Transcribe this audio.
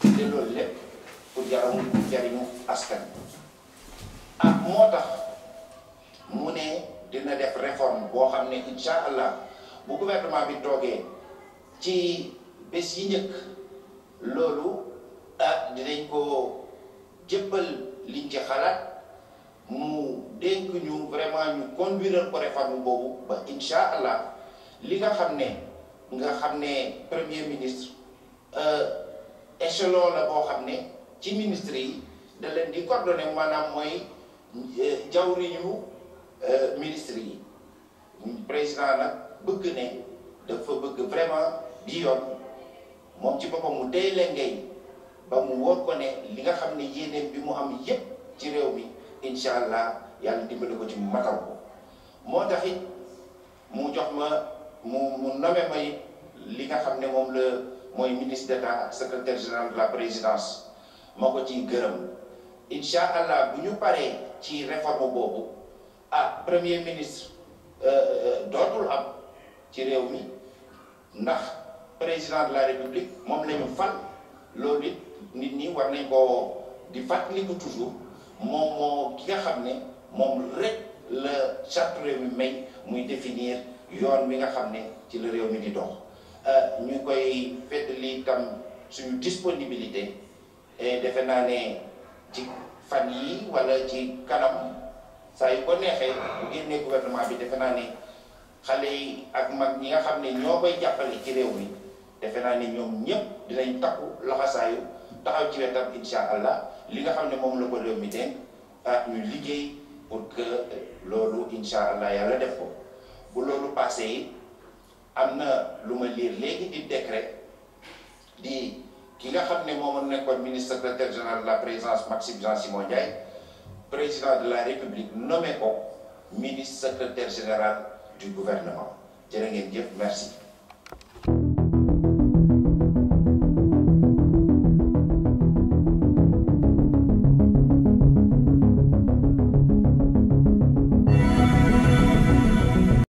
te loolu lépp pour jaramu jariñu askan ah moo tax mu ne dina def réforme boo xam ne incha allah bu gouvernement bi toogee ci bés yi njëkk loolu ah, dinañ ko jëppal liñ ci xalaat mu dénk ñu vraiment ñu conduire ko réforme boobu ba incha allah li nga xam ne nga xam ne premier ministre. Euh, échelon la boo xam ne ci ministre yi da leen di coordonné maanaam mooy euh, jawriñu euh, ministre yi président nag bëgg ne dafa bëgg vraiment bi yoon moom ci boppam mu tey leen ngay ba mu wóor ko ne li nga xam ne yéeneen bi mu am yépp ci réew mi incha allah yàlla dimbali ko ci mu matal ko moo taxit mu jox ma mu mu nome ma li nga xam ne moom la mooy ministre d'état secrétaire général de la présidence moo ci ciy inshallah buñu paré ci réforme bobu ah premier ministre euh, euh, dootul am ci réew mi ndax président de la république mom lañu ñu fal loolu nit ñi war nañ ko di fàttaliku toujours moom moo ki nga xamné mom rek le chapitre mi may muy définir yoon mi nga xamné ci le réew mi di dox. Euh, ñu koy feddali tam suñu disponibilité defe naa ne ci fan yi wala ci kanam saa yu ko neexee bu génnee gouvernement bi defe naa ne xale yi ak mag ñi nga xam ne ñoo koy jàppale ci réew mi defe naa ne ñoom ñëpp dinañ takku laxasaayu taxaw ci wetam insha allah li nga xam ne moom la ko réew mi dénk ah ñu liggéey pour que loolu insha allah yàlla def ko bu loolu passé yi am na lu décret di ki nga xam ne ministre secrétaire général de la présidence Maxime Jean Simon président de la république nommé au ministre secrétaire général du gouvernement merci